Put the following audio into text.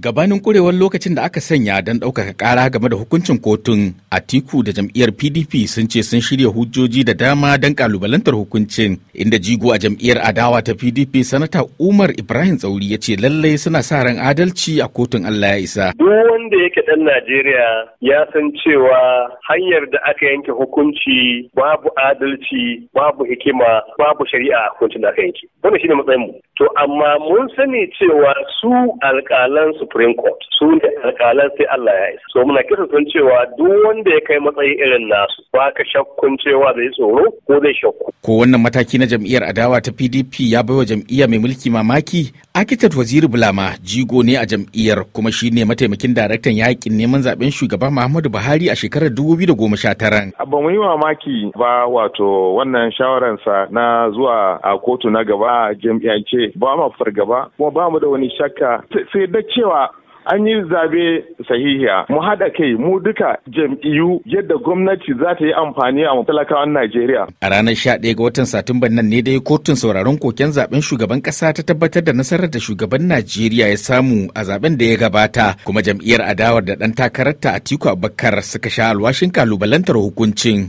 gabanin kurewar lokacin da aka sanya don ɗaukaka ƙara game da hukuncin kotun atiku da jam'iyyar pdp sun ce sun shirya hujjoji da dama don ƙalubalantar hukuncin inda jigo a jam'iyyar adawa ta pdp sanata umar ibrahim tsauri ya ce lallai suna sa ran adalci a kotun allah ya isa duk wanda yake ɗan najeriya ya san cewa hanyar da aka yanke hukunci babu adalci babu hikima babu shari'a hukuncin da aka yanke wannan shine matsayin mu to amma mun sani cewa su alƙalansu Supreme Court su ne alƙalan sai Allah ya isa. So muna kisa sun cewa duk wanda ya kai matsayi irin nasu ba ka shakkun cewa zai tsoro ko zai shakku. Ko wannan mataki na jam'iyyar adawa ta PDP ya baiwa jam'iyya mai mulki mamaki Akitat Waziri Bulama jigo ne a jam'iyyar kuma shi ne mataimakin daraktan yakin neman zaben shugaba Muhammadu Buhari a shekarar da 2019. Abba mu yi mamaki ba wato wannan shawararsa na zuwa a kotu na gaba jam'iyyance ba mu fargaba kuma ba mu da wani shakka sai da cewa cewa an yi zabe sahihiya mu haɗa kai mu duka jam'iyyu yadda gwamnati za ta yi amfani a talakawan Najeriya. A ranar 11 ga watan Satumban nan ne dai kotun sauraron koken zaben shugaban ƙasa ta tabbatar da nasarar da shugaban Najeriya ya samu a zaben da ya gabata kuma jam'iyyar adawar da ɗan takararta a Atiku Abubakar suka sha alwashin kalubalantar hukuncin.